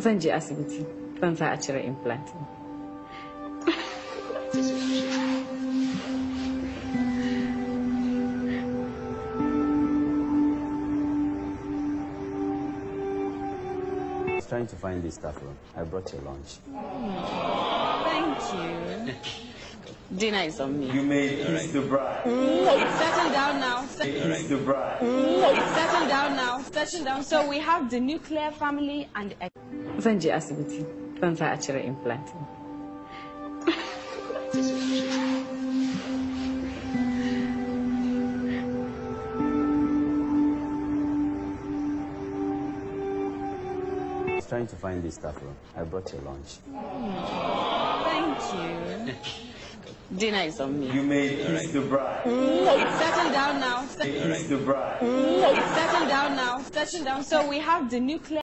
zan je asibiti zan za a cire implant trying to find this staff room. I brought your lunch. Dinner is on me. You made kiss right. the bride. Mm, settle down now. Set right. the bride. Mm, settle down now. Settle down. So we have the nuclear family and. Zan je asibiti zan sa a cire implant. trying to find this stuff. I brought your lunch. Mm. Dinner is on me. You made kiss right. the bride. Mm, it's settled down now. Kiss the bride. Mm, it's settled down now. Settled down. So we have the nuclear.